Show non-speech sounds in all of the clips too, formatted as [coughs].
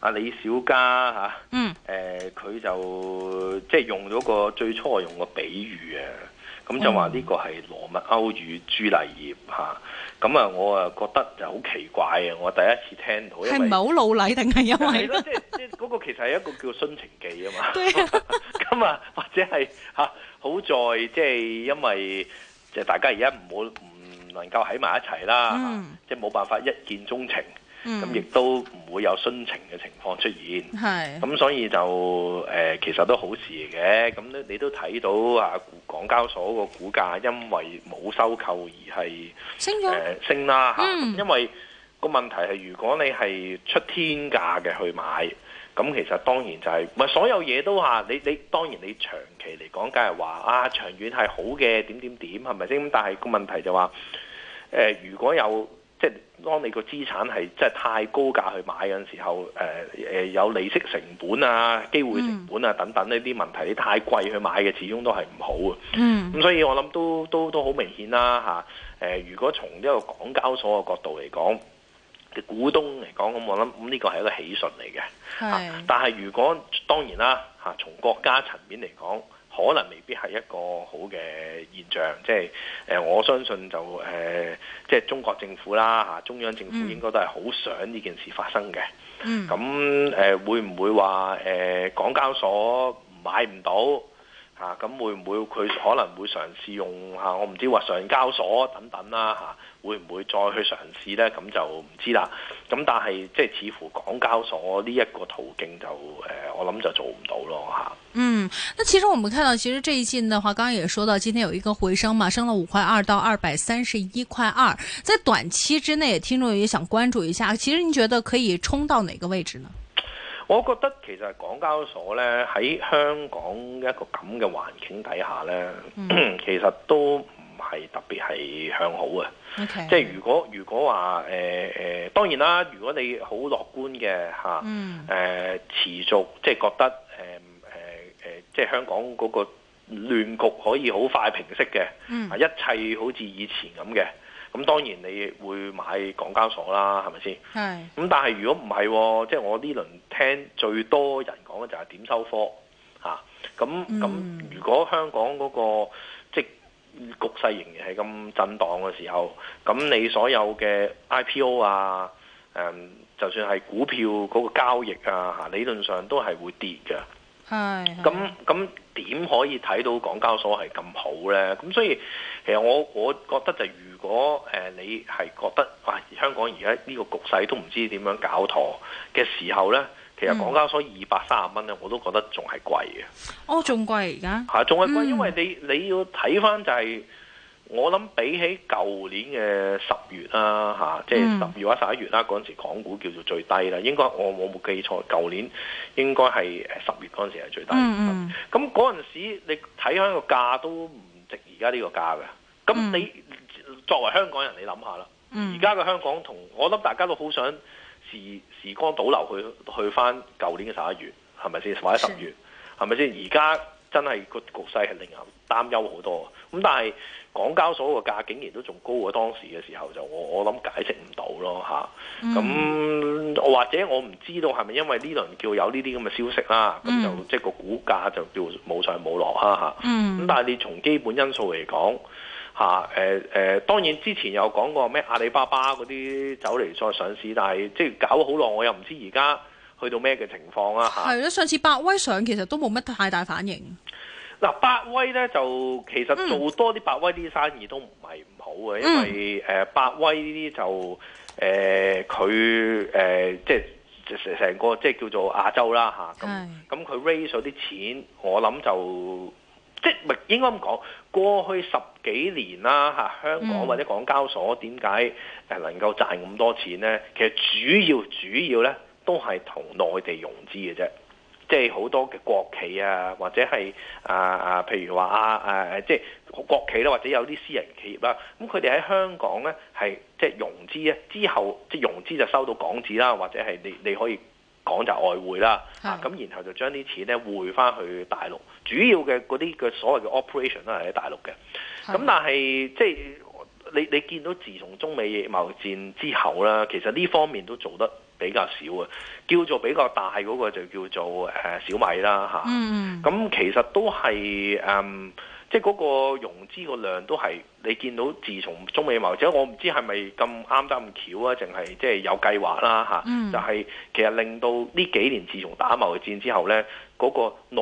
阿李小加嚇，誒佢、嗯呃、就即係、就是、用咗個最初用個比喻、嗯嗯、個啊，咁、嗯、就話呢個係羅密歐與朱麗葉嚇，咁啊我啊覺得就好奇怪啊，我第一次聽到，因係唔係好老禮定係因為？嗰、就是就是、個其實係一個叫《殉情記 [laughs] 對 [laughs] 》啊嘛，咁啊或者係嚇好在即係因為就大家而家唔好唔能夠喺埋一齊啦，即係冇辦法一見鍾情。啊咁亦、嗯、都唔會有殉情嘅情況出現，咁是所以就誒、呃、其實都好事嘅。咁你你都睇到啊，港交所個股價因為冇收購而係升啦了嚇、呃嗯啊。因為個問題係如果你係出天價嘅去買，咁其實當然就係唔係所有嘢都話你你當然你長期嚟講，梗係話啊長遠係好嘅點點點係咪先？但係個問題就話、是、誒、呃、如果有即係當你個資產係即係太高價去買嗰陣時候，誒、呃、誒、呃、有利息成本啊、機會成本啊等等呢啲問題，你太貴去買嘅，始終都係唔好嘅。咁、嗯嗯、所以我諗都都都好明顯啦嚇。誒、啊呃，如果從一個港交所嘅角度嚟講，嘅股東嚟講，咁、嗯、我諗咁呢個係一個喜訊嚟嘅。但係如果當然啦嚇、啊，從國家層面嚟講。可能未必係一個好嘅現象，即係誒、呃，我相信就誒、呃，即係中國政府啦，嚇、中央政府應該都係好想呢件事發生嘅。咁誒、嗯呃，會唔會話誒、呃、港交所買唔到嚇？咁、啊、會唔會佢可能會嘗試用嚇、啊？我唔知話上交所等等啦、啊、嚇。啊會唔會再去嘗試呢？咁就唔知啦。咁但係即係似乎港交所呢一個途徑就誒、呃，我諗就做唔到咯吓。嗯，其實我們看到，其實最近的話，剛剛也說到，今天有一個回升嘛，升了五塊二到二百三十一塊二。在短期之內，聽眾也想關注一下，其實你覺得可以衝到哪個位置呢？我覺得其實港交所呢，喺香港一個咁嘅環境底下呢，嗯、 [coughs] 其實都。係特別係向好啊！Okay. 即係如果如果話誒誒，當然啦，如果你好樂觀嘅嚇，誒、啊嗯呃、持續即係覺得誒誒誒，即係香港嗰個亂局可以好快平息嘅，嗯、一切好似以前咁嘅，咁、嗯、當然你會買港交所啦，係咪先？係是。咁、嗯、但係如果唔係、哦，即係我呢輪聽最多人講嘅就係點收科啊！咁、嗯、咁、嗯嗯嗯嗯，如果香港嗰、那個、嗯局勢仍然係咁震盪嘅時候，咁你所有嘅 IPO 啊，誒、嗯，就算係股票嗰個交易啊，嚇理論上都係會跌嘅。係是。咁咁點可以睇到港交所係咁好呢？咁所以其實我我覺得就如果誒、呃、你係覺得哇，香港而家呢個局勢都唔知點樣搞妥嘅時候呢。其實港交所二百三十蚊咧，我都覺得仲係貴嘅。哦，仲貴而家？嚇，仲係貴，因為你你要睇翻就係、是，我諗比起舊年嘅十月啦、啊、嚇、啊，即係十月或者十一月啦、啊，嗰陣時港股叫做最低啦。應該我我冇記錯，舊年應該係十月嗰陣時係最低。咁嗰陣時你睇翻個價都唔值而家呢個價嘅。咁你、嗯、作為香港人，你諗下啦。而家嘅香港同我諗大家都好想。時時光倒流去去返舊年嘅十一月係咪先，或者十月係咪先，而家真係個局勢係令人擔憂好多，咁但係港交所個價竟然都仲高過當時嘅時候，就我我諗解釋唔到咯吓，咁、嗯、或者我唔知道係咪因為呢輪叫有呢啲咁嘅消息啦，咁就、嗯、即係個股價就叫冇上冇落啦吓。咁但係你從基本因素嚟講。嚇誒誒，當然之前有講過咩阿里巴巴嗰啲走嚟再上市，但係即係搞好耐，我又唔知而家去到咩嘅情況啦嚇。係、啊、咯，上次百威上其實都冇乜太大反應。嗱、啊，百威咧就其實做多啲百威啲生意都唔係唔好嘅，嗯、因為誒、呃、百威呢啲就誒佢誒即係成成個即係叫做亞洲啦嚇，咁咁佢 raise 咗啲錢，我諗就。即係咪應該咁講？過去十幾年啦，嚇香港或者港交所點解誒能夠賺咁多錢呢？其實主要主要呢都係同內地融資嘅啫，即係好多嘅國企啊，或者係啊啊，譬如話啊誒，即係國企啦，或者有啲私人企業啦，咁佢哋喺香港呢，係即係融資咧，之後即係融資就收到港紙啦，或者係你你可以。講就外匯啦，咁然後就將啲錢咧匯翻去大陸，主要嘅嗰啲嘅所謂嘅 operation 都係喺大陸嘅。咁的但係即係你你見到自從中美貿戰之後啦，其實呢方面都做得比較少啊。叫做比較大嗰個就叫做誒小米啦嚇，咁、嗯啊、其實都係誒，即係嗰個融資個量都係。你見到自從中美貿戰，我唔知係咪咁啱得咁巧啊，定係即係有計劃啦、啊、嚇。嗯、就係其實令到呢幾年自從打貿戰之後呢，嗰、那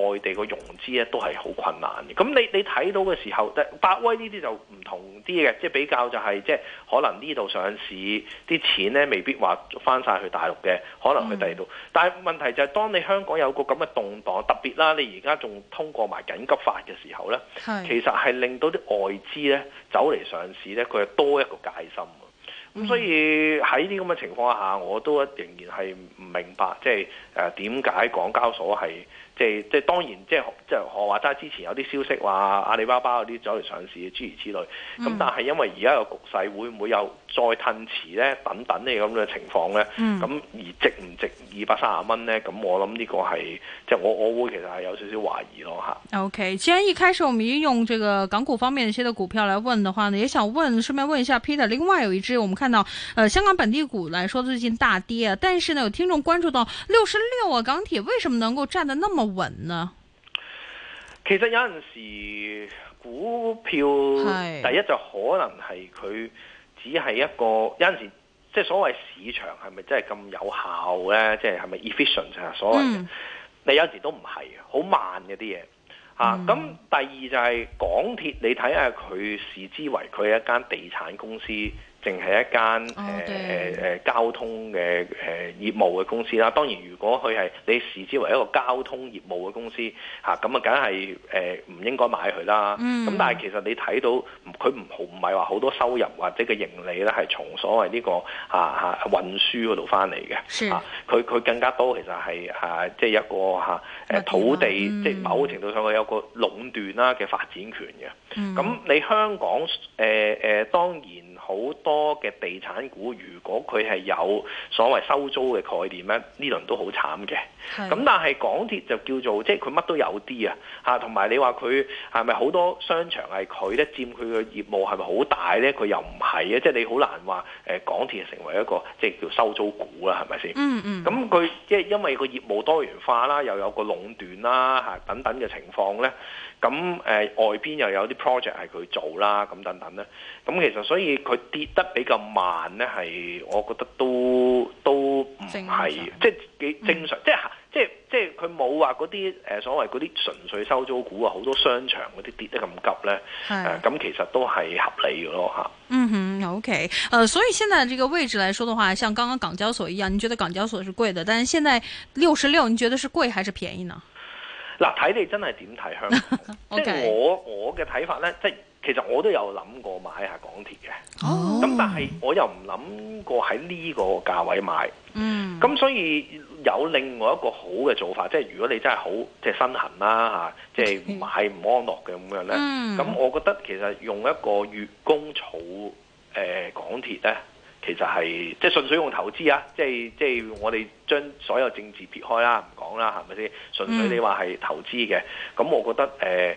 個內地個融資咧都係好困難嘅。咁你你睇到嘅時候，百威呢啲就唔同啲嘅，即、就、係、是、比較就係即係可能呢度上市啲錢呢未必話翻晒去大陸嘅，可能去第二度。嗯、但係問題就係、是、當你香港有個咁嘅動盪，特別啦，你而家仲通過埋緊急法嘅時候呢，是其實係令到啲外資呢，走嚟上市咧，佢係多一個戒心啊！咁、嗯、所以喺呢啲咁嘅情況下，我都仍然係唔明白，即係。誒點解港交所係即係即係當然即係即係我話齋之前有啲消息話阿里巴巴嗰啲走嚟上市諸如此類，咁但係因為而家個局勢會唔會有再褪遲咧等等呢咁嘅情況咧？咁而值唔值二百三十蚊咧？咁我諗呢個係即係我我會其實係有少少懷疑咯吓 O K，既然一開始我們已經用這個港股方面一些嘅股票嚟問嘅話咧，也想問，順便問一下 Peter，另外有一支我們看到，誒、呃、香港本地股來說最近大跌，但是呢，有聽眾關注到六十。六啊，港鐵為什麼能夠站得那麼穩呢？其實有陣時股票，第一就可能係佢只係一個有陣時，即係所謂市場係咪真係咁有效呢？即係係咪 efficient 謂、嗯、啊？所謂你有陣時都唔係，好慢嘅啲嘢啊。咁第二就係港鐵，你睇下佢視之為佢係一間地產公司。定係一間誒誒誒交通嘅誒、呃、業務嘅公司啦。當然，如果佢係你視之為一個交通業務嘅公司，吓，咁啊，梗係誒唔應該買佢啦。咁、嗯、但係其實你睇到佢唔好唔係話好多收入或者嘅盈利咧，這個，係從所謂呢個吓嚇運輸嗰度翻嚟嘅。嚇佢佢更加多其實係嚇、啊、即係一個吓誒、啊、土地，即、就、係、是、某程度上佢有個壟斷啦嘅發展權嘅。咁、嗯嗯、你香港誒誒、呃、當然好多。多嘅地產股，如果佢係有所謂收租嘅概念咧，呢輪都好慘嘅。咁的但係港鐵就叫做，即係佢乜都有啲啊，嚇，同埋你話佢係咪好多商場係佢咧佔佢嘅業務係咪好大咧？佢又唔係啊，即係你好難話誒、呃、港鐵成為一個即係叫收租股啊，係咪先？嗯嗯的。咁佢即係因為個業務多元化啦，又有個壟斷啦，嚇等等嘅情況咧。咁誒、嗯呃、外邊又有啲 project 係佢做啦，咁等等咧。咁、嗯、其實所以佢跌得比較慢咧，係我覺得都都唔係常即係幾正常，嗯、即係即係即係佢冇話嗰啲誒所謂嗰啲純粹收租股啊，好多商場嗰啲跌得咁急咧。係是，咁、呃、其實都係合理嘅咯嚇。嗯哼，OK，誒、呃，所以現在這個位置來說的話，像剛剛港交所一樣，你覺得港交所是貴的，但係現在六十六，你覺得是貴還是便宜呢？嗱，睇你真係點睇香港？即係 [laughs] Okay. 我我嘅睇法呢，即係其實我都有諗過買下港鐵嘅，咁、oh. 但係我又唔諗過喺呢個價位買。咁、mm. 嗯、所以有另外一個好嘅做法，即係如果你真係好即係身痕啦嚇，即、啊、係 Okay. 買唔安樂嘅咁樣呢。咁、mm. 我覺得其實用一個月供儲、呃、港鐵呢。其實係即係純粹用投資啊！即係即係我哋將所有政治撇開啦，唔講啦，係咪先？純粹你話係投資嘅，咁我覺得誒、呃，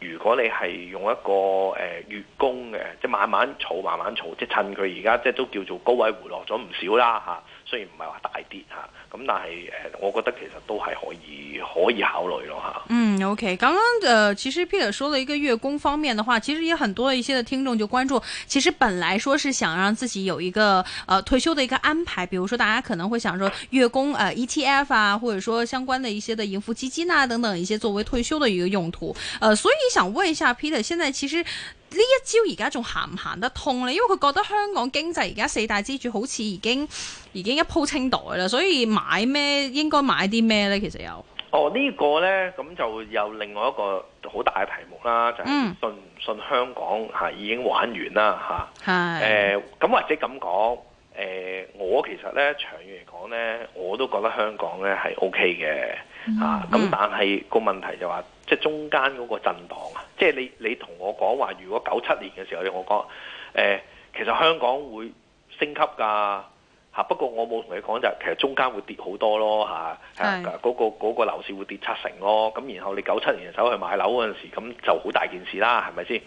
如果你係用一個誒、呃、月供嘅，即係慢慢儲、慢慢儲，即係趁佢而家即係都叫做高位回落咗唔少啦嚇。啊雖然唔係話大啲嚇，咁但係誒、呃，我覺得其實都係可以可以考慮咯嚇。嗯，OK，剛剛誒、呃，其實 Peter 說了一個月供方面的話，其實也很多一些的聽眾就關注，其實本來說是想讓自己有一個誒、呃、退休的一個安排，比如說大家可能會想說月供啊、呃、ETF 啊，或者說相關的一些的盈富基金啊等等一些作為退休的一個用途，誒、呃，所以想問一下 Peter，現在其實，呢一招而家仲行唔行得通呢？因為佢覺得香港經濟而家四大支柱好似已經已經一鋪清袋啦，所以買咩應該買啲咩呢？其實有哦，呢、這個呢，咁就有另外一個好大嘅題目啦，就係、是、信唔信香港嚇、嗯啊、已經玩完啦嚇。誒、啊、咁是的、呃、或者咁講誒，我其實呢，長遠嚟講呢，我都覺得香港呢係 OK 嘅、嗯、啊。咁但係個問題就話、是。即係中間嗰個震盪啊！即係你你同我講話，如果九七年嘅時候，我講、呃、其實香港會升級㗎嚇、啊。不過我冇同你講就，其實中間會跌好多咯嚇。係嗰個樓市會跌七成咯。咁然後你九七年嘅時候去買樓嗰陣時，咁就好大件事啦，係咪先？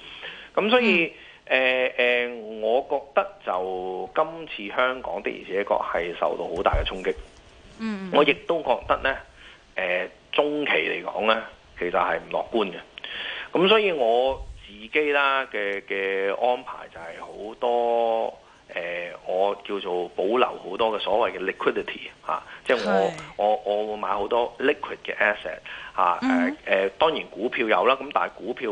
咁所以誒誒、嗯呃呃，我覺得就今次香港的而且確係受到好大嘅衝擊。嗯嗯我亦都覺得呢，誒、呃、中期嚟講呢。其實係唔樂觀嘅，咁所以我自己啦嘅嘅安排就係好多誒、呃，我叫做保留好多嘅所謂嘅 liquidity 嚇、啊，即、就、係、是、我是我我會買好多 liquid 嘅 asset 嚇、啊、誒誒、mm hmm. 呃呃，當然股票有啦，咁但係股票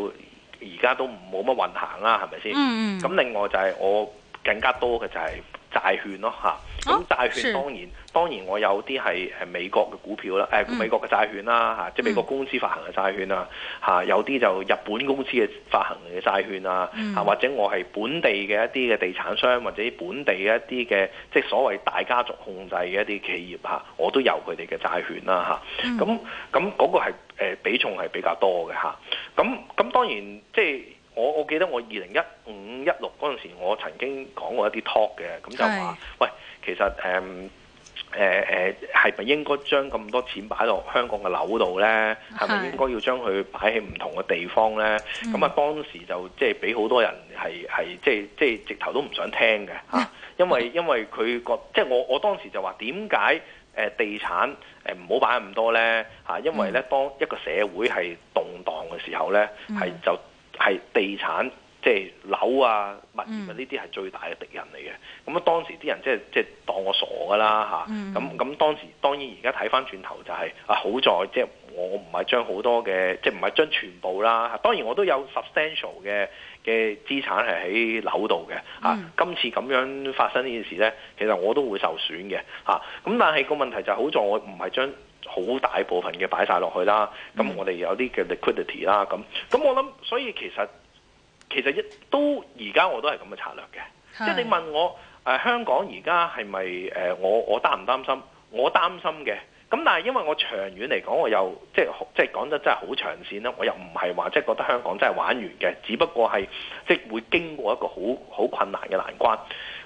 而家都冇乜運行啦，係咪先？咁、mm hmm. 另外就係我更加多嘅就係、是。債券咯嚇，咁、哦、債券當然當然我有啲係係美國嘅股票啦，誒、嗯、美國嘅債券啦嚇，嗯、即係美國公司發行嘅債券啊嚇，嗯、有啲就日本公司嘅發行嘅債券啊嚇，嗯、或者我係本地嘅一啲嘅地產商或者本地一啲嘅即係所謂大家族控制嘅一啲企業嚇，我都有佢哋嘅債券啦嚇，咁咁嗰個係誒比重係比較多嘅嚇，咁咁當然即係。我我記得我二零一五一六嗰陣時，我曾經講過一啲 talk 嘅，咁就話：是喂，其實誒誒誒，係、呃、咪、呃呃、應該將咁多錢擺落香港嘅樓度咧？係咪是應該要將佢擺喺唔同嘅地方咧？咁啊、嗯，當時就即係俾好多人係係即係即係直頭都唔想聽嘅嚇、啊，因為因為佢覺即係、就是、我我當時就話點解誒地產誒唔好擺咁多咧嚇、啊？因為咧當一個社會係動盪嘅時候咧，係就、嗯。嗯係地產，即、就、係、是、樓啊、物業啊，呢啲係最大嘅敵人嚟嘅。咁啊，當時啲人即係即係當我傻噶啦傻㗎啦嚇。咁咁、mm. 當時當然而家睇返轉頭就係、是、啊，好在即係、就是、我唔係將好多嘅，即係唔係將全部啦。當然我都有 substantial 嘅嘅資產係喺樓度嘅。Mm. 啊，今次咁樣發生呢件事咧，其實我都會受損嘅。嚇、啊，咁但係個問題就係、是、好在我唔係將。好大部分嘅擺晒落去啦，咁、嗯、我哋有啲嘅 liquidity 啦，咁咁我諗，所以其實其實一都而家我都係咁嘅策略嘅，的即係你問我誒、呃、香港而家係咪誒我我擔唔擔心？我擔心嘅，咁但係因為我長遠嚟講，我又即係即係講得真係好長線啦，我又唔係話即係覺得香港真係玩完嘅，只不過係即係會經過一個好好困難嘅難關，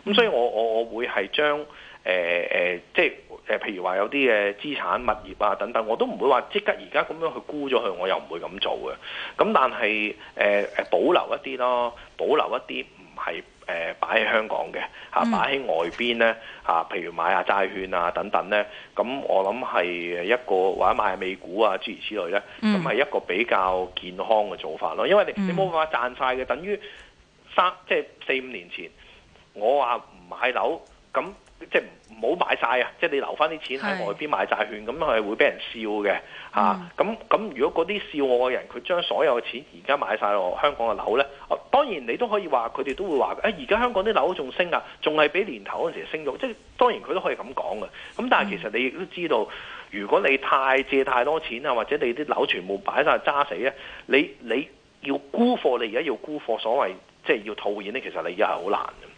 咁所以我我，我，我會係將。誒誒、呃，即係誒、呃，譬如話有啲嘅資產、物業啊等等，我都唔會話即刻而家咁樣去沽咗佢，我又唔會咁做嘅。咁但係誒誒，保留一啲咯，保留一啲唔係誒擺喺香港嘅嚇，擺、啊、喺外邊咧嚇、啊，譬如買下債券啊等等咧。咁我諗係一個，或者買美股啊諸如此類咧，咁係、嗯、一個比較健康嘅做法咯。因為你、嗯、你冇辦法賺晒嘅，等於三即係四五年前我話唔買樓咁。即係唔好買晒啊！即係你留翻啲錢喺外邊買債券，咁佢係是會俾人笑嘅嚇。咁咁、嗯，啊、如果嗰啲笑我嘅人，佢將所有嘅錢而家買晒我香港嘅樓咧，哦、啊，當然你都可以話佢哋都會話，誒而家香港啲樓仲升啊，仲係比年頭嗰陣時升咗。即係當然佢都可以咁講嘅。咁、啊、但係其實你亦都知道，如果你太借太多錢啊，或者你啲樓全部擺晒揸死咧，你你要沽貨，你而家要沽貨，所謂即係要套現咧，其實你而家係好難。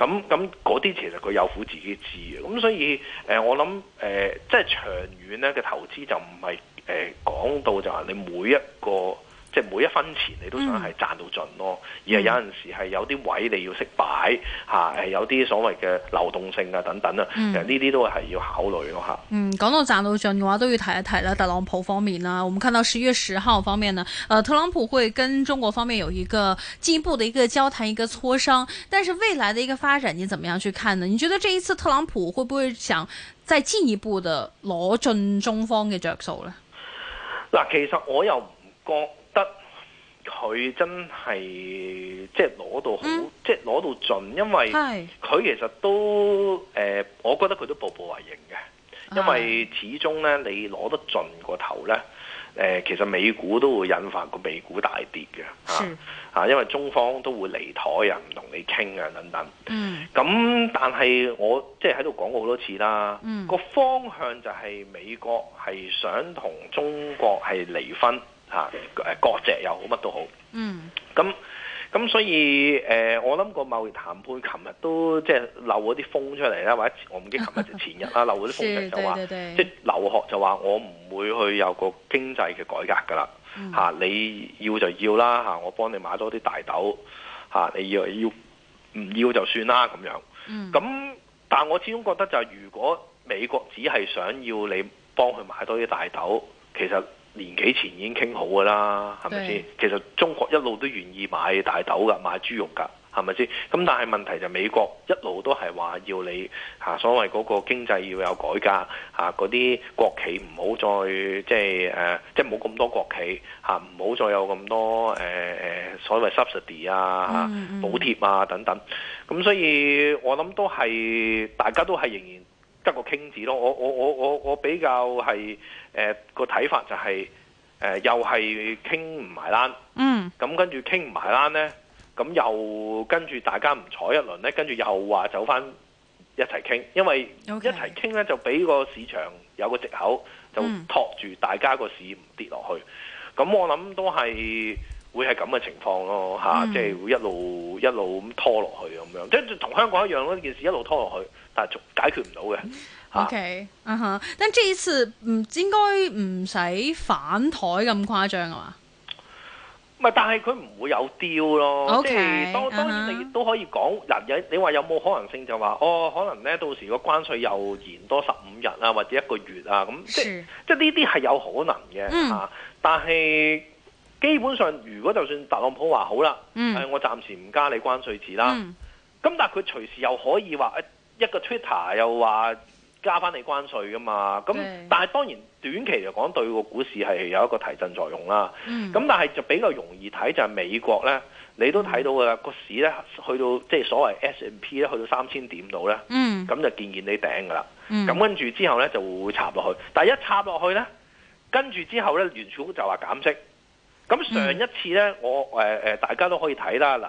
咁咁嗰啲其實佢有苦自己知嘅，咁所以誒、呃，我諗誒、呃，即係長遠咧嘅投資就，就唔係誒講到就係你每一個。即係每一分錢你都想係賺到盡咯，嗯、而係有陣時係有啲位你要識擺嚇，係、嗯啊、有啲所謂嘅流動性啊等等啦。其實呢啲都係要考慮咯嚇。嗯，講到賺到盡嘅話，都要提一提啦。特朗普方面啦，我們看到十一月十號方面呢，誒特朗普會跟中國方面有一個進一步嘅一個交談、一個磋商。但是未來嘅一個發展，你點樣去看呢？你覺得這一次特朗普會不會想再進一步嘅攞盡中方嘅着數呢？嗱，其實我又唔覺。佢真係即係攞到好，嗯、即係攞到盡，因為佢其實都誒、呃，我覺得佢都步步為營嘅，因為始終呢，你攞得盡個頭呢、呃，其實美股都會引發個美股大跌嘅嚇、啊是啊、因為中方都會離枱又唔同你傾啊等等。咁、嗯、但係我即係喺度講過好多次啦，個、嗯、方向就係美國係想同中國係離婚。嚇誒國籍又好，乜都好。嗯。咁咁所以誒、呃，我諗個貿易談判，琴日都即係漏咗啲風出嚟啦，或者我唔記得琴日就前日啦， [laughs] 漏咗啲風出嚟就話，即係劉鶴就話我唔會去有個經濟嘅改革㗎啦。嚇、嗯啊，你要就要啦嚇，我幫你買多啲大豆嚇、啊，你要要唔要就算啦咁樣。嗯。咁、嗯，但係我始終覺得就係、是，如果美國只係想要你幫佢買多啲大豆，其實。年幾前已經傾好㗎啦，係咪先？對其實中國一路都願意買大豆㗎，買豬肉㗎，係咪先？咁但係問題就美國一路都係話要你嚇所謂嗰個經濟要有改革嚇，嗰啲國企唔好再即係誒，即係冇咁多國企嚇，啊、唔好再有咁多誒誒、呃、所謂 subsidy 啊、補貼、嗯嗯、啊等等。咁所以我諗都係大家都係仍然。一個傾字咯，我我我我我比較係誒、呃、個睇法，就係、是、誒、呃、又係傾唔埋欄，嗯，咁、嗯、跟住傾唔埋欄呢，咁又跟住大家唔睬一輪呢，跟住又話走返一齊傾，因為一齊傾呢，就俾個市場有個藉口，就托住大家個市唔跌落去，咁、嗯嗯嗯、我諗都係。會係咁嘅情況咯，吓、啊，嗯、即係會一路一路咁拖落去咁樣，即係同香港一樣咯，件事一路拖落去，但係解解決唔到嘅。啊、o、okay, K，、uh huh. 但係呢次唔應該唔使反台咁誇張啊嘛。但係佢唔會有 deal 咯。O、okay, uh huh. 當然你都可以講，嗱、啊，你有你話有冇可能性就話，哦，可能呢到時個關稅又延多十五日啊，或者一個月啊，咁、嗯、是即即呢啲係有可能嘅嚇、啊，但係。基本上，如果就算特朗普話好啦，誒，我暫時唔加你關稅字啦。咁但係佢隨時又可以話誒一個 Twitter 又話加翻你關稅㗎嘛。咁但係當然短期嚟講對個股市係有一個提振作用啦。咁但係就比較容易睇就係美國呢，你都睇到嘅個市呢，去到即係所謂 S&P 呢去到三千點度呢，咁就見見你頂㗎啦。咁跟住之後呢，就會插落去，但係一插落去呢，跟住之後呢，聯儲就話減息。咁上一次呢，我誒誒、呃、大家都可以睇啦。嗱，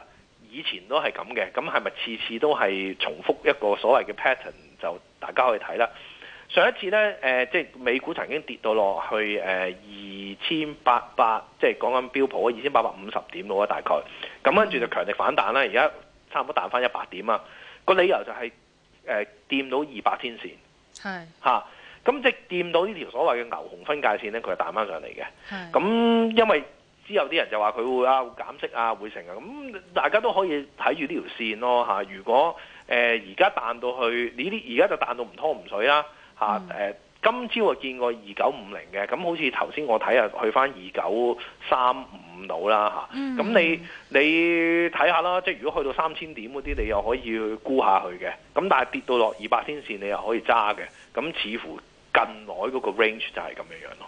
以前都係咁嘅，咁係咪次次都係重複一個所謂嘅 pattern？就大家可以睇啦。上一次呢，誒、呃、即係美股曾經跌到落去誒二千八百，呃、即係講緊標普啊，二千八百五十點咯，大概。咁跟住就強力反彈啦。而家、嗯、差唔多彈翻一百點啦。個理由就係誒掂到二百天線，係嚇啊。咁即係掂到呢條所謂嘅牛熊分界線呢，佢係彈翻上嚟嘅。係咁，因為有啲人就話佢會啊會減息啊會成啊，咁、嗯、大家都可以睇住呢條線咯嚇。如果誒而家彈到去呢啲，而家就彈到唔湯唔水啦、啊、嚇。誒、啊呃、今朝啊見過二九五零嘅，咁、嗯、好似頭先我睇、啊嗯嗯、下去翻二九三五度啦嚇。咁你你睇下啦，即係如果去到三千點嗰啲，你又可以沽下去嘅。咁、嗯、但係跌到落二百天線，你又可以揸嘅。咁、嗯、似乎近來嗰個 range 就係咁樣樣咯。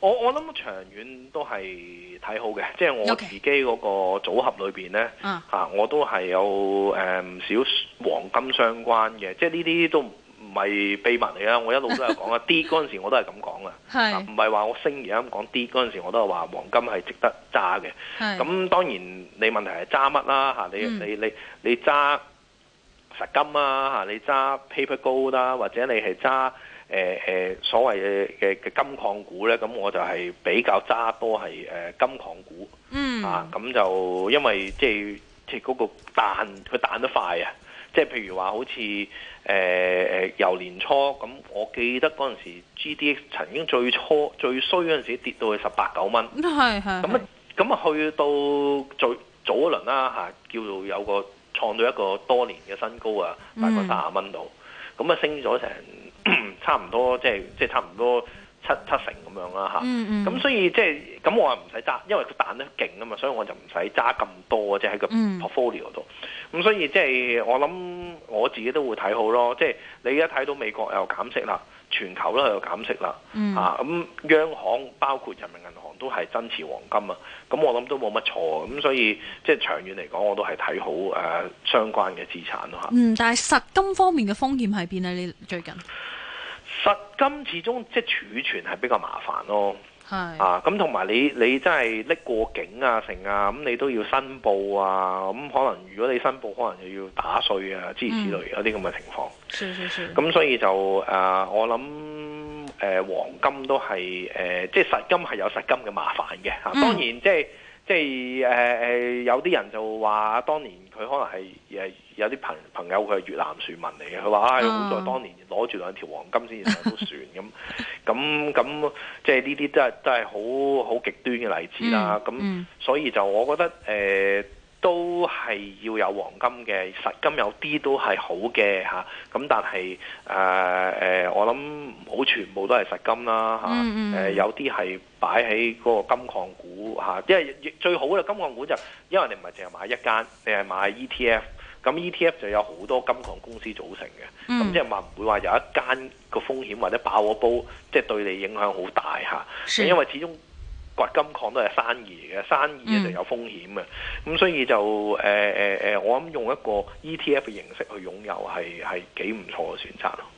我我諗長遠都係睇好嘅，即係我自己嗰個組合裏邊呢，吓 Okay .、uh. 啊、我都係有誒唔、um, 少黃金相關嘅，即係呢啲都唔係秘密嚟啊。我一路都有講啊，跌嗰陣時我都係咁講啊，唔係話我升而家咁講，跌嗰陣時我都係話黃金係值得揸嘅。咁是當然你問題係揸乜啦？吓、啊、你、嗯、你你你揸實金啊？吓，你揸 paper gold 啦、啊，或者你係揸。誒誒、呃、所謂嘅嘅金礦股咧，咁、嗯、我就係比較揸多係誒金礦股，嗯啊，咁就因為即係即係嗰個彈，佢彈得快啊！即、就、係、係、譬如話，好似誒誒由年初咁，我記得嗰陣時，GDX 曾經最初最衰嗰陣時跌到去十八九蚊，係係咁啊，咁啊去到最早一輪啦、啊、嚇、啊，叫做有個創到一個多年嘅新高啊，大概卅蚊度，咁啊、嗯嗯、升咗成。 [coughs] 差唔多即係即係差唔多七七成咁樣啦嚇，咁、啊 mm hmm. 嗯、所以即係咁我唔使揸，因為個蛋咧勁啊嘛，所以我就唔使揸咁多啊，即係喺個 portfolio 度。咁、mm hmm. 嗯、所以即係我諗我自己都會睇好咯，即係，你而家睇到美國又減息啦。全球都係有減息啦，嗯、啊咁、嗯、央行包括人民銀行都係增持黃金啊，咁我諗都冇乜錯，咁、啊、所以即係長遠嚟講，我都係睇好誒、呃、相關嘅資產咯嚇。啊、嗯，但係實金方面嘅風險係邊啊？你最近，實金始終即係儲存係比較麻煩咯。啊，咁同埋你你真係搦過境啊，成啊，咁、嗯、你都要申報啊，咁、嗯嗯、可能如果你申報，可能又要打稅啊，之之類有啲咁嘅情況。咁、嗯嗯、所以就啊、呃，我諗誒、呃、黃金都係誒、呃，即係實金係有實金嘅麻煩嘅吓，當然即係。嗯即係誒誒，有啲人就話，當年佢可能係誒有啲朋朋友，佢係越南船民嚟嘅，佢話啊，哎，好在當年攞住兩條黃金先、 [laughs] 至上到船，都算咁咁咁，即係呢啲都係都係好好極端嘅例子啦。咁所以就我覺得誒。呃都係要有黃金嘅實金有，有啲都係好嘅嚇。咁但係誒誒，我諗唔好全部都係實金啦嚇。誒、啊 mm hmm. 呃、有啲係擺喺嗰個金礦股嚇，即、啊、係最好啦金礦股就是、因為你唔係淨係買一間，你係買 ETF。咁 ETF 就有好多金礦公司組成嘅，咁即係話唔會話有一間個風險或者爆咗煲，即、就、係、是、對你影響好大嚇。因為始終。掘金礦都係生意嚟嘅，生意就有風險嘅，咁所以就誒誒誒，我諗用一個 ETF 嘅形式去擁有係係幾唔錯嘅選擇咯。 [noise]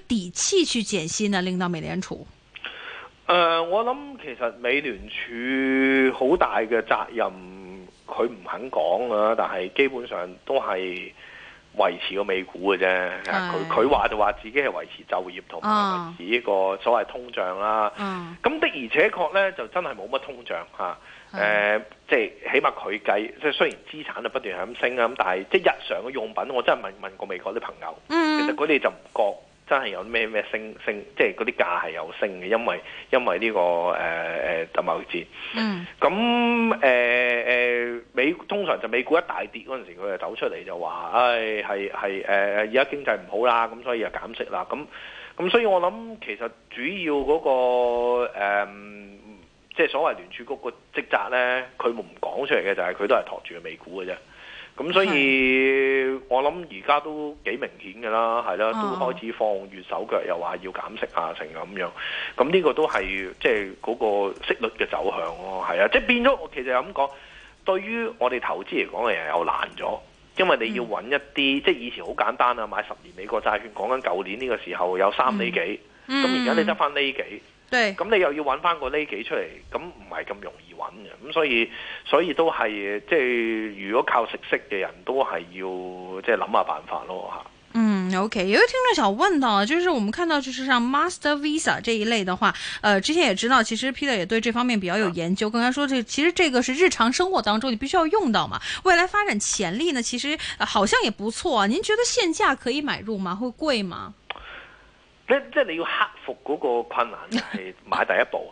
底氣去減息呢？令到美聯儲？誒，我諗其實美聯儲好大嘅責任，佢唔肯講啦。但係基本上都係維持個美股嘅啫。佢佢的話就話自己係維持就業同維持呢個所謂通脹啦。咁、啊、的而且確呢，就真係冇乜通脹吓。誒、啊的呃，即係起碼佢計，即係雖然資產就不斷係咁升啊，咁但係即係日常嘅用品，我真係問問過美國啲朋友，嗯、其實佢哋就唔覺。真係有咩咩升升，即係嗰啲價係有升嘅，因為因為呢個誒誒貿易戰。嗯。咁誒誒美通常就美股一大跌嗰陣時，佢就走出嚟就話：「唉係係誒而家經濟唔好啦，咁所以就減息啦。咁咁，所以我諗其實主要嗰個誒，即係所謂聯儲局個職責咧，佢冇唔講出嚟嘅就係佢都係托住個美股嘅啫。咁所以的我諗而家都幾明顯噶啦，係啦，哦、都開始放軟手腳，又話要減息啊，成咁樣。咁呢個都係即係嗰個息率嘅走向咯，係啊，即係變咗。其實又咁講，對於我哋投資嚟講，又又難咗，因為你要揾一啲，嗯、即係以前好簡單啊，買十年美國債券，講緊舊年呢個時候有三厘、嗯、幾，咁而家你得翻呢幾。對。咁你又要揾翻個呢幾出嚟，咁唔係咁容易揾嘅，咁所以所以都係即係如果靠食息嘅人都係要即係諗下辦法咯嚇。嗯，OK，有位聽眾想問到，就是我們看到就是像 Master Visa 這一類的話，呃，之前也知道，其實 Peter 也對這方面比較有研究。剛才說這其實這個是日常生活當中你必須要用到嘛，未來發展潛力呢，其實好像也不錯啊。您覺得現價可以買入嗎？會貴嗎？即係你要克服嗰個困難係買第一步，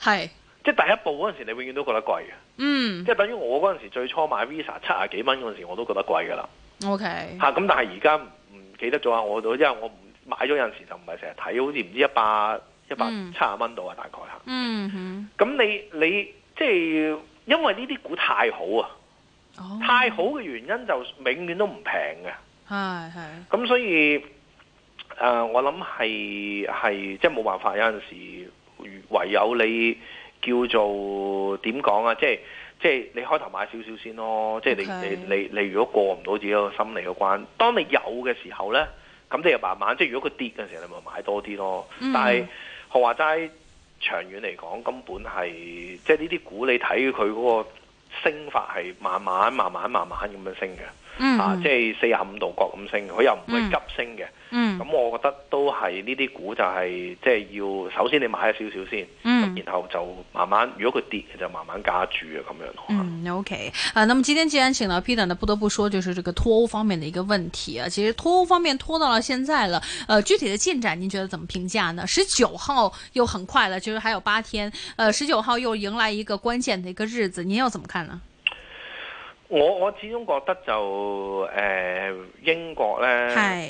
係 [laughs] 是即係第一步嗰陣時，你永遠都覺得貴嘅。嗯，即係等於我嗰陣時最初買 Visa 七廿幾蚊嗰陣時，我都覺得貴㗎啦。OK，嚇咁但係而家唔記得咗啊！我因為我買咗陣時就唔係成日睇，好似唔知一百一百七廿蚊到啊，嗯、大概嚇。嗯哼，咁你你即係、就是、因為呢啲股太好啊，太好嘅原因就永遠都唔平嘅。係係、哦，咁、嗯、所以。誒，uh, 我諗係係即係冇辦法，有陣時唯有你叫做點講啊？即係即係你開頭買少少先咯，Okay. 即係你你你你如果過唔到自己個心理嘅關，當你有嘅時候呢，咁你又慢慢即係如果佢跌嘅時候，你咪買多啲咯。Mm. 但係學話齋長遠嚟講，根本係即係呢啲股你睇佢嗰個升法係慢慢慢慢慢慢咁樣升嘅。嗯，啊，即係四十五度角咁升，佢又唔會急升嘅。嗯，咁、嗯嗯、我覺得都係呢啲股就係即係要首先你買一少少先，咁、嗯、然後就慢慢，如果佢跌就慢慢加注啊咁樣咯。嗯，OK，啊，咁啊，今天既然請到 Peter，呢，不得不說就是這個脫歐方面的一個問題啊。其實脫歐方面拖到了現在了，呃，具體的進展，您覺得怎麼評價呢？十九號又很快了，其、就、實、是、還有八天，呃，十九號又迎來一個關鍵的一個日子，您又怎麼看呢？我我始終覺得就誒、呃、英國咧，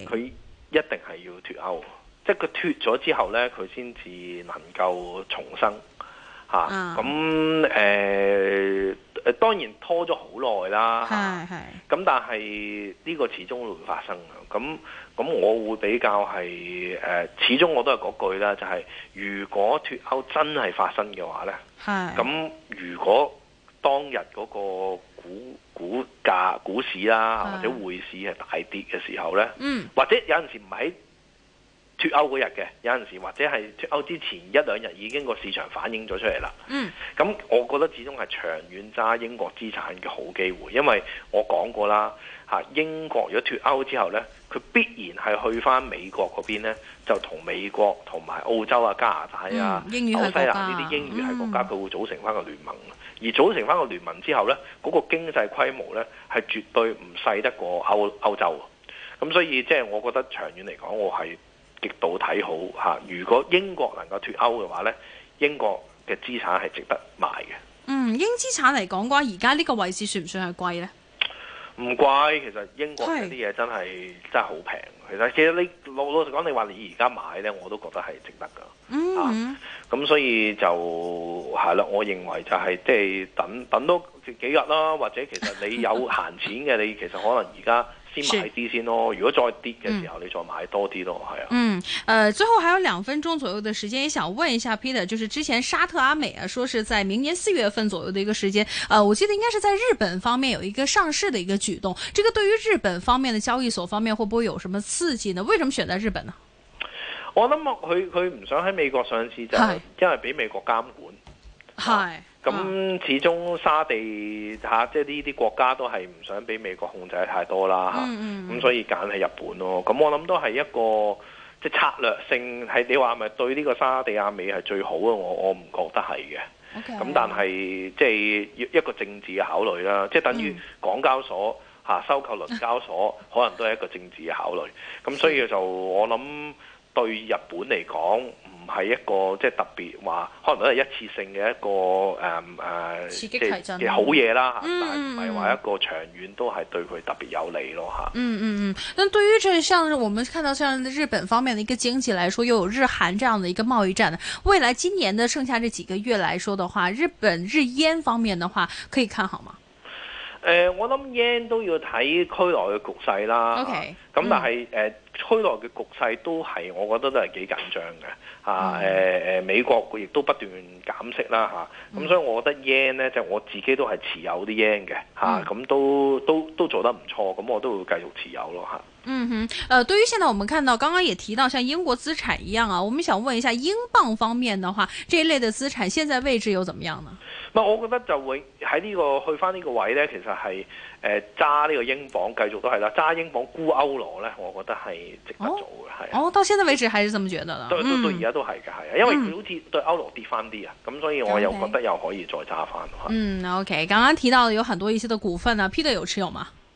佢是一定係要脱歐，即係佢脱咗之後咧，佢先至能夠重生嚇。咁、啊、誒、啊嗯呃、當然拖咗好耐啦，咁、啊、是但係呢個始終會發生嘅。咁咁我會比較係誒、呃，始終我都係嗰句啦，就係、是、如果脱歐真係發生嘅話咧，咁是如果當日嗰、那個股股價、股市啦，或者匯市係大跌嘅時候呢，嗯、或者有陣時唔係脱歐嗰日嘅，有陣時或者係脱歐之前一兩日已經個市場反映咗出嚟啦。咁、嗯、我覺得始終係長遠揸英國資產嘅好機會，因為我講過啦，吓英國如果脱歐之後呢，佢必然係去翻美國嗰邊呢，就同美國同埋澳洲啊、加拿大啊、紐西蘭呢啲英語系國家，佢、嗯、會組成翻個聯盟。而組成翻個聯盟之後呢，嗰、那個經濟規模呢係絕對唔細得過歐歐洲，咁所以即係、就是、我覺得長遠嚟講，我係極度睇好嚇。如果英國能夠脱歐嘅話呢，英國嘅資產係值得買嘅。嗯，英資產嚟講嘅話，而家呢個位置算唔算係貴呢？唔貴，其實英國嗰啲嘢真係是真係好平。其實其實你老老實講，你話你而家買呢，我都覺得係值得㗎。Mm hmm. 啊，咁所以就係啦，我認為就係即係等等多幾日啦，或者其實你有閒錢嘅， [laughs] 你其實可能而家，買啲先咯，是如果再跌嘅時候，嗯、你再買多啲咯，係啊。嗯，呃，最後還有兩分鐘左右的時間，也想問一下 Peter，就是之前沙特阿美啊，說是在明年四月份左右的一個時間，呃，我記得應該是在日本方面有一個上市的一個舉動，這個對於日本方面的交易所方面會不會有什麼刺激呢？為什麼選在日本呢？我諗佢佢唔想喺美國上市就係因為俾美國監管。係唉。咁、嗯、始終沙地嚇，即係呢啲國家都係唔想俾美國控制太多啦嚇，咁、啊嗯嗯嗯、所以揀係日本咯。咁、啊嗯、我諗都係一個即係策略性係，你話係咪對呢個沙地亞美係最好啊？我我唔覺得係嘅。咁 Okay.、嗯嗯、但係即係一個政治嘅考慮啦，啊嗯嗯、即係等於港交所嚇、啊、收購倫交所，可能都係一個政治嘅考慮。咁所以就我諗對日本嚟講。係一個即係特別話，可能都係一次性嘅一個誒誒，刺激嘅好嘢啦，但係唔係話一個長遠都係對佢特別有利咯吓。嗯嗯嗯，咁對於即係像我們看到，像日本方面嘅一個經濟來說，又有日韓這樣嘅一個貿易戰，未來今年嘅剩下這幾個月來說的話，日本日圓方面的話，可以看好嗎？誒、呃，我諗圓都要睇區內嘅局勢啦。OK，咁、啊、但係誒。嗯區內嘅局勢都係，我覺得都係幾緊張嘅嚇。誒、啊呃、美國亦都不斷減息啦嚇。咁、啊、所以我覺得 yen 咧，即、就是、我自己都係持有啲 yen 嘅嚇。咁、啊、都都，都做得唔錯，咁我都會繼續持有咯嚇。啊嗯哼，誒、呃，對於現在我們看到，剛剛也提到，像英國資產一樣啊，我們想問一下英鎊方面的話，這一類的資產現在位置又怎麼樣呢？唔、嗯，我覺得就會喺呢、這個去翻呢個位呢，其實係誒揸呢個英鎊繼續都係啦，揸英鎊沽歐羅呢，我覺得係值得做嘅，係、哦。啊、哦，到現在為止還是這麼覺得啦。對對對，而家都係嘅，係啊，因為好似對歐羅跌翻啲啊，咁、嗯嗯、所以我又覺得又可以再揸翻。Okay. 嗯，OK，剛剛，剛，剛剛提到有很多一些嘅股份啊，Peter 有持，有持有嗎？